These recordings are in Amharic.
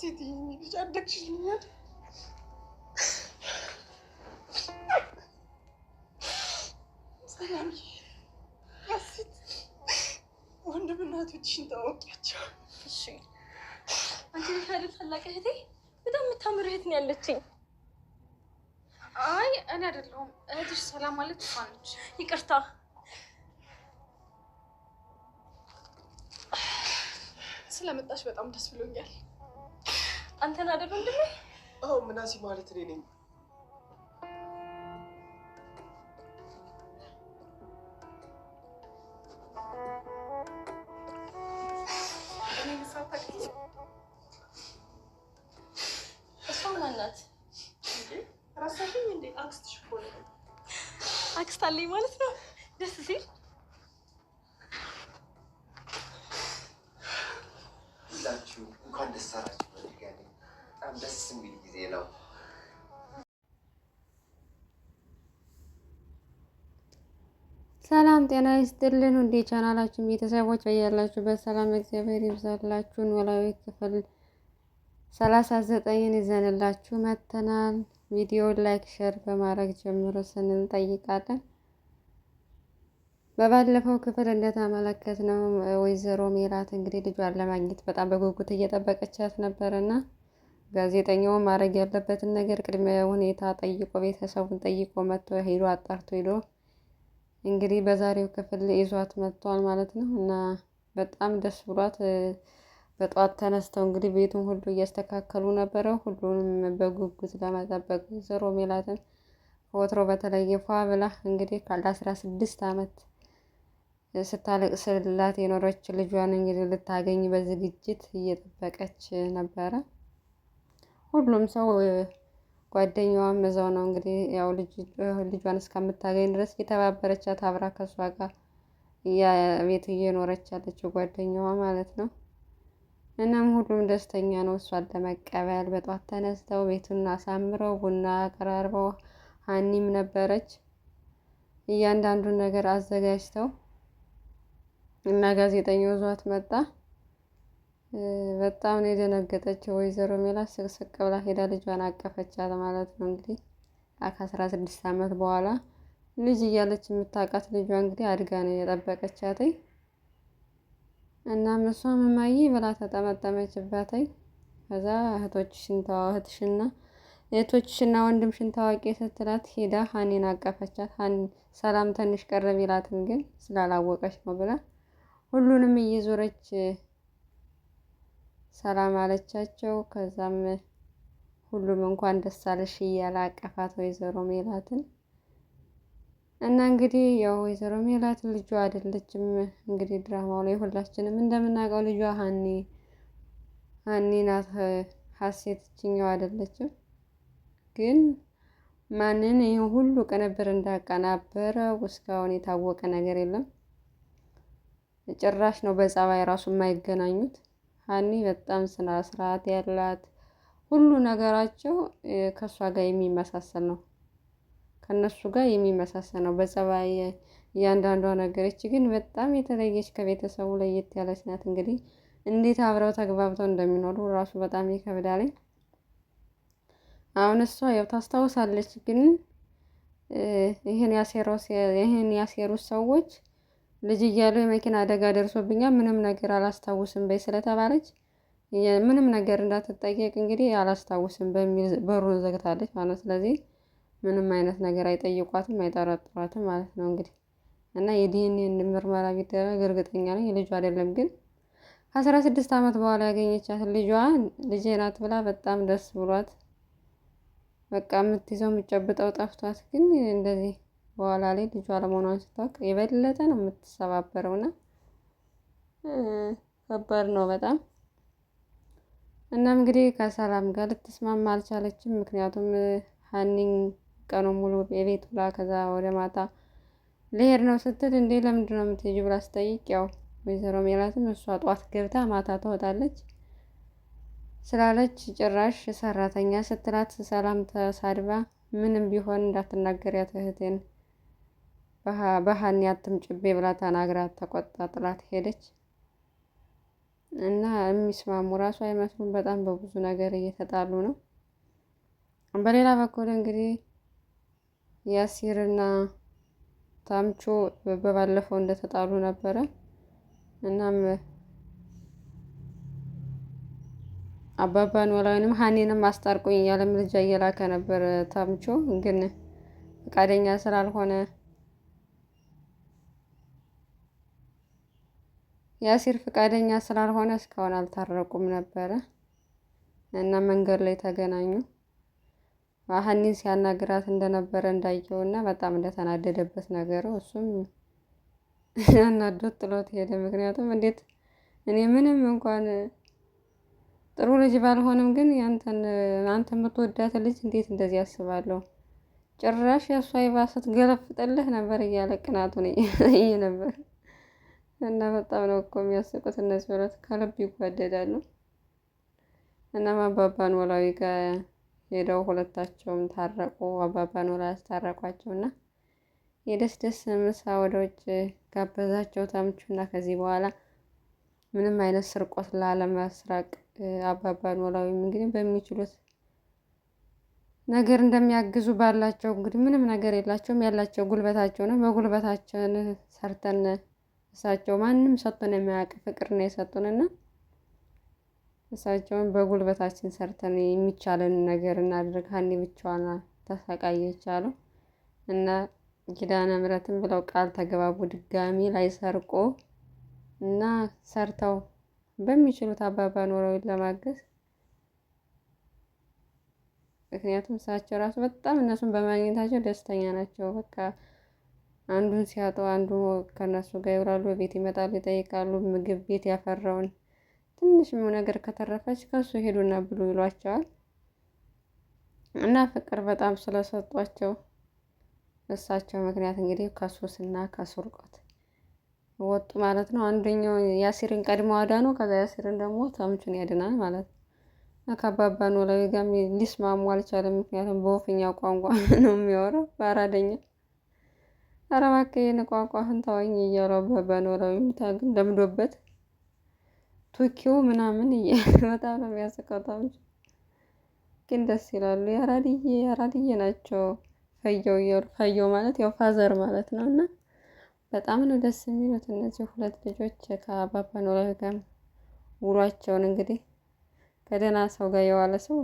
ሴትዬ የኔ ልጅ አደግሽልኛል። ሰላምዬ ሀሴት ወንድም እናቶችሽን ታወቂያቸው? እሺ አንቺ አይደል ታላቅ እህቴ? በጣም የምታምር እህት ነው ያለችኝ። አይ እኔ አይደለሁም እህትሽ ሰላም ማለት ነች። ይቅርታ ስለመጣሽ በጣም ደስ ብሎኛል። አንተን አይደል ወንድሜ? አዎ ምናሲ ማለት እኔ ነኝ። አክስት አለኝ ማለት ነው። ደስ ሲል ሁላችሁ እንኳን ደስ አላችሁ። በጣም ደስ የሚል ጊዜ ነው። ሰላም ጤና ይስጥልን። እንዴ ቻናላችን ቤተሰቦች በያላችሁ በሰላም እግዚአብሔር ይብዛላችሁ። ኖላዊ ክፍል ሰላሳ ዘጠኝን ይዘንላችሁ መተናል። ቪዲዮ ላይክ፣ ሼር በማድረግ ጀምሮ ስንጠይቃለን። በባለፈው ክፍል እንደተመለከትነው ወይዘሮ ሜላት እንግዲህ ልጇን ለማግኘት በጣም በጉጉት እየጠበቀቻት ነበርና ጋዜጠኛውን ማድረግ ያለበትን ነገር ቅድመ ሁኔታ ጠይቆ ቤተሰቡን ጠይቆ መጥቶ ሄዶ አጣርቶ ሄዶ እንግዲህ በዛሬው ክፍል ይዟት መጥቷል ማለት ነው እና በጣም ደስ ብሏት በጠዋት ተነስተው እንግዲህ ቤቱን ሁሉ እያስተካከሉ ነበረ። ሁሉንም በጉጉት ለመጠበቅ ዘሮ ሜላትን ወትሮ በተለየ ፏ ብላ እንግዲህ አስራ ስድስት አመት ስታለቅስላት የኖረች ልጇን እንግዲህ ልታገኝ በዝግጅት እየጠበቀች ነበረ። ሁሉም ሰው ጓደኛዋም እዛው ነው እንግዲህ ያው ልጇን እስከምታገኝ ድረስ የተባበረቻት አብራ ከሷ ጋር ቤት እየኖረች ያለችው ጓደኛዋ ማለት ነው። እናም ሁሉም ደስተኛ ነው እሷን ለመቀበል። በጧት ተነስተው ቤቱን አሳምረው ቡና አቀራርበው ሀኒም ነበረች እያንዳንዱን ነገር አዘጋጅተው እና ጋዜጠኛው ዟት መጣ። በጣም ነው የደነገጠችው ወይዘሮ ሜላት ስቅስቅ ብላ ሄዳ ልጇን አቀፈቻት ማለት ነው። እንግዲህ ከአስራ ስድስት ዓመት በኋላ ልጅ እያለች የምታውቃት ልጇ እንግዲህ አድጋ ነው የጠበቀቻትኝ። እና እሷ እማዬ ብላ ተጠመጠመችባት ከዛ እህቶችሽን እህትሽና እህቶችሽና ወንድምሽን ታዋቂ ስትላት ሄዳ ሀኔን አቀፈቻት። ሰላም ትንሽ ቀረብ ይላትም ግን ስላላወቀች ነው ብላ ሁሉንም እየዞረች ሰላም አለቻቸው። ከዛም ሁሉም እንኳን ደስ አለሽ እያለ አቀፋት ወይዘሮ ሜላትን እና እንግዲህ ያው ወይዘሮ ሜላት ልጇ አይደለችም። እንግዲህ ድራማው ላይ ሁላችንም እንደምናውቀው ልጇ ሀኒ ሀኒ ናት። ሀሴት ችኛው አይደለችም ግን ማንን ይህ ሁሉ ቅንብር እንዳቀናበረው እስካሁን የታወቀ ነገር የለም። ጭራሽ ነው በጸባይ ራሱ የማይገናኙት። ሀኒ በጣም ስነ ስርዓት ያላት ሁሉ ነገራቸው ከእሷ ጋር የሚመሳሰል ነው። ከእነሱ ጋር የሚመሳሰል ነው በጸባይ እያንዳንዷ ነገሮች ግን በጣም የተለየች ከቤተሰቡ ለየት ያለች ናት። እንግዲህ እንዴት አብረው ተግባብተው እንደሚኖሩ ራሱ በጣም ይከብዳልኝ። አሁን እሷ ያው ታስታውሳለች፣ ግን ይህን ያሴሩት ሰዎች ልጅ እያለሁ የመኪና አደጋ ደርሶብኛል ምንም ነገር አላስታውስም በይ ስለተባለች ምንም ነገር እንዳትጠየቅ እንግዲህ አላስታውስም በሚል በሩን ዘግታለች ማለት ነው። ስለዚህ ምንም አይነት ነገር አይጠይቋትም አይጠረጥሯትም ማለት ነው። እንግዲህ እና የዲኤንኤን ምርመራ ቢደረግ እርግጠኛ ነኝ ልጁ አይደለም። ግን ከአስራ ስድስት ዓመት በኋላ ያገኘቻት ልጇ ልጄ ናት ብላ በጣም ደስ ብሏት በቃ የምትይዘው የምጨብጠው ጠፍቷት ግን እንደዚህ በኋላ ላይ ልጇ አለመሆኗን ስታውቅ የበለጠ ነው የምትሰባበረው እና ከባድ ነው በጣም። እናም እንግዲህ ከሰላም ጋር ልትስማማ አልቻለችም። ምክንያቱም ሀኒን ቀኑ ሙሉ የቤት ብላ ከዛ ወደ ማታ ልሄድ ነው ስትል እንዴ ለምንድን ነው የምትሄጂው ብላ ስጠይቅ ያው ወይዘሮ ሜላትም እሷ ጧት ገብታ ማታ ትወጣለች ስላለች ጭራሽ ሰራተኛ ስትላት ሰላም ተሳድባ ምንም ቢሆን እንዳትናገሪያት እህቴን በሀኒ አትምጭቤ ብላ ተናግራ ተቆጣ ጥላት ሄደች። እና የሚስማሙ ራሱ አይመስሉም። በጣም በብዙ ነገር እየተጣሉ ነው። በሌላ በኩል እንግዲህ ያሲርና ታምቾ በባለፈው እንደተጣሉ ነበረ። እናም አባባን ወላዊንም ሀኔንም አስታርቁኝ እያለም ልጃ እየላከ ነበር። ታምቾ ግን ፈቃደኛ ስላልሆነ የአሲር ፈቃደኛ ስላልሆነ እስካሁን አልታረቁም ነበረ እና መንገድ ላይ ተገናኙ። ሀኒን ሲያናግራት እንደነበረ እንዳየው እና በጣም እንደተናደደበት ነገሩ እሱም አናዶት ጥሎት ሄደ። ምክንያቱም እንዴት እኔ ምንም እንኳን ጥሩ ልጅ ባልሆንም ግን ያንተን አንተ የምትወዳት ልጅ እንዴት እንደዚህ ያስባለሁ? ጭራሽ የእሷ ይባ ስትገለፍጥልህ ነበር እያለ ቅናቱን እየ ነበር እና በጣም ነው እኮ የሚያስቁት እነዚህ ሁለት ከልብ ይጓደዳሉ። እና አባባ ኖላዊ ጋር ሄደው ሁለታቸውም ታረቁ። አባባ ኖላዊ ያስታረቋቸው እና የደስ ደስ ምሳ ወደ ውጭ ጋበዛቸው ታምቹ እና ከዚህ በኋላ ምንም አይነት ስርቆት ላለመስራቅ አባባ ኖላዊም እንግዲህ በሚችሉት ነገር እንደሚያግዙ ባላቸው እንግዲህ ምንም ነገር የላቸውም። ያላቸው ጉልበታቸው ነው። በጉልበታችን ሰርተን እሳቸው ማንም ሰጥቶን የማያውቅ ፍቅር ነው የሰጡንና እሳቸውን በጉልበታችን ሰርተን የሚቻለን ነገር እናድርግ። ሀኒ ብቻዋን ተሰቃየች አሉ እና ኪዳነ ምሕረትን ብለው ቃል ተገባቡ ድጋሚ ላይ ሰርቆ እና ሰርተው በሚችሉት አባባ ኖረውን ለማገዝ ምክንያቱም እሳቸው ራሱ በጣም እነሱን በማግኘታቸው ደስተኛ ናቸው። በቃ አንዱን ሲያጡ አንዱ ከነሱ ጋር ይውላሉ፣ ቤት ይመጣሉ፣ ይጠይቃሉ። ምግብ ቤት ያፈራውን ትንሽም ነገር ከተረፈች ከሱ ሄዱና ብሉ ይሏቸዋል። እና ፍቅር በጣም ስለሰጧቸው እሳቸው ምክንያት እንግዲህ ከሱስና ከሱርቆት ወጡ ማለት ነው። አንደኛው ያሲርን ቀድሞ አዳኑ። ከዛ ያሲርን ደግሞ ተምቹን ያድናል ማለት ነው። ከአባባ ኖላዊ ጋር ሊስማሙ አልቻለም። ምክንያቱም በወፍኛ ቋንቋ ነው የሚያወራው በአራደኛ ኧረ እባክህ ንቋቋህን ተወኝ እያለው በኖረው ይምታ ግን ለምዶበት ቶኪዮ ምናምን በጣም ነው የሚያስቀጣው። ግን ደስ ይላሉ። የአራድዬ የአራድዬ ናቸው። ፈየው እያሉ ፈየው ማለት ያው ፋዘር ማለት ነው። እና በጣም ነው ደስ የሚሉት እነዚህ ሁለት ልጆች ከአባባ ኖላዊ ጋር ውሏቸውን እንግዲህ ከደህና ሰው ጋር የዋለ ሰው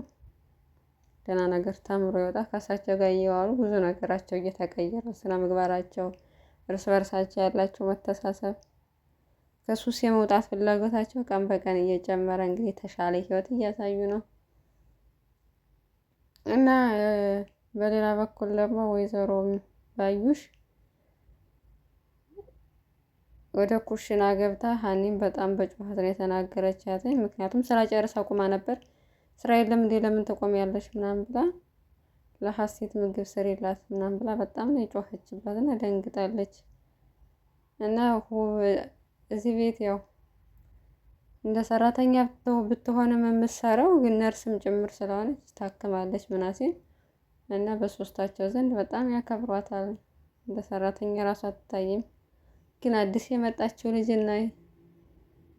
ደህና ነገር ተምሮ ይወጣ። ከእሳቸው ጋር እየዋሉ ብዙ ነገራቸው እየተቀየረ ስነ ምግባራቸው፣ እርስ በርሳቸው ያላቸው መተሳሰብ፣ ከሱስ የመውጣት ፍላጎታቸው ቀን በቀን እየጨመረ እንግዲህ የተሻለ ህይወት እያሳዩ ነው እና በሌላ በኩል ደግሞ ወይዘሮ ባዩሽ ወደ ኩሽና ገብታ ሀኒም በጣም በጩኸት ነው የተናገረቻት። ምክንያቱም ስራ ጨርሳ ቁማ ነበር። የለም እንዴ ለምን ትቆሚያለሽ ምናምን ብላ ለሀሴት ምግብ ስሪላት ምናምን ብላ በጣም ነው የጮኸችባት እና ደንግጣለች። እና እዚህ ቤት ያው እንደ ሰራተኛ ብትሆንም የምትሰራው ግን ነርስም ጭምር ስለሆነች ታክማለች። ምናሴን እና በሶስታቸው ዘንድ በጣም ያከብሯታል። እንደ ሰራተኛ ራሱ አትታይም። ግን አዲስ የመጣችው ልጅና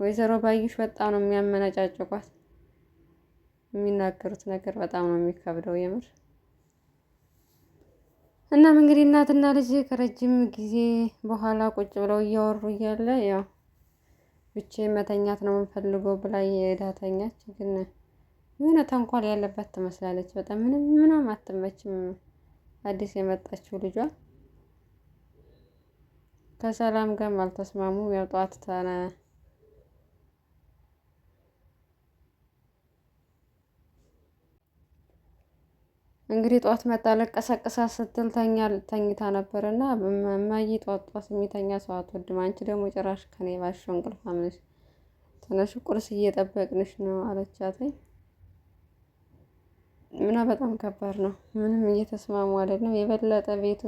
ወይዘሮ ባዩሽ በጣም ነው የሚያመነጫጭቋት። የሚናገሩት ነገር በጣም ነው የሚከብደው የምር። እናም እንግዲህ እናትና ልጅ ከረጅም ጊዜ በኋላ ቁጭ ብለው እያወሩ እያለ ያው ብቻ መተኛት ነው የምንፈልገው ብላ የዳተኛች ግን የሆነ ተንኮል ያለባት ትመስላለች። በጣም ምንም ምንም አትመችም አዲስ የመጣችው ልጇ። ከሰላም ጋርም አልተስማሙም። ያው ጠዋት ተነ እንግዲህ ጧት መጣ ለቀሰቀሳ ስትል ተኛል ተኝታ ነበር እና ማይ ጧት ጧት የሚተኛ ሰው አትወድም። አንቺ ደግሞ ጭራሽ ከኔ ባሽ እንቅልፋም አምነሽ ተነሽ ቁርስ እየጠበቅንሽ ነው አለቻትኝ። ምና በጣም ከባድ ነው። ምንም እየተስማሙ አይደለም። የበለጠ ቤቱ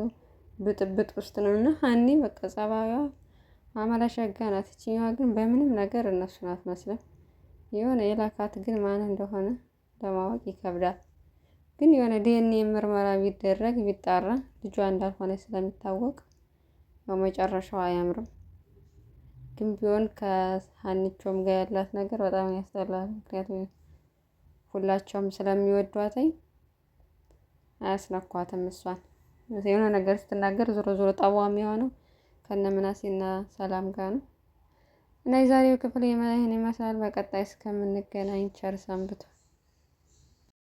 ብጥብጥ ውስጥ ነው እና ሀኒ በቃ ጸባዩዋ አመላሸጋ ናት። ይችኛዋ ግን በምንም ነገር እነሱን አትመስልም። የሆነ የላካት ግን ማን እንደሆነ ለማወቅ ይከብዳል። ግን የሆነ ዲኤንኤ ምርመራ ቢደረግ ቢጣራ ልጇ እንዳልሆነ ስለሚታወቅ ያው መጨረሻው አያምርም። ግን ቢሆን ከሀኒቾም ጋር ያላት ነገር በጣም ያስጠላል። ምክንያቱም ሁላቸውም ስለሚወዷትኝ አያስነኳትም። እሷን የሆነ ነገር ስትናገር ዞሮ ዞሮ ጠቧም የሆነው ከነ ምናሴና ሰላም ጋር ነው እና የዛሬው ክፍል ይህን ይመስላል። በቀጣይ እስከምንገናኝ ቸር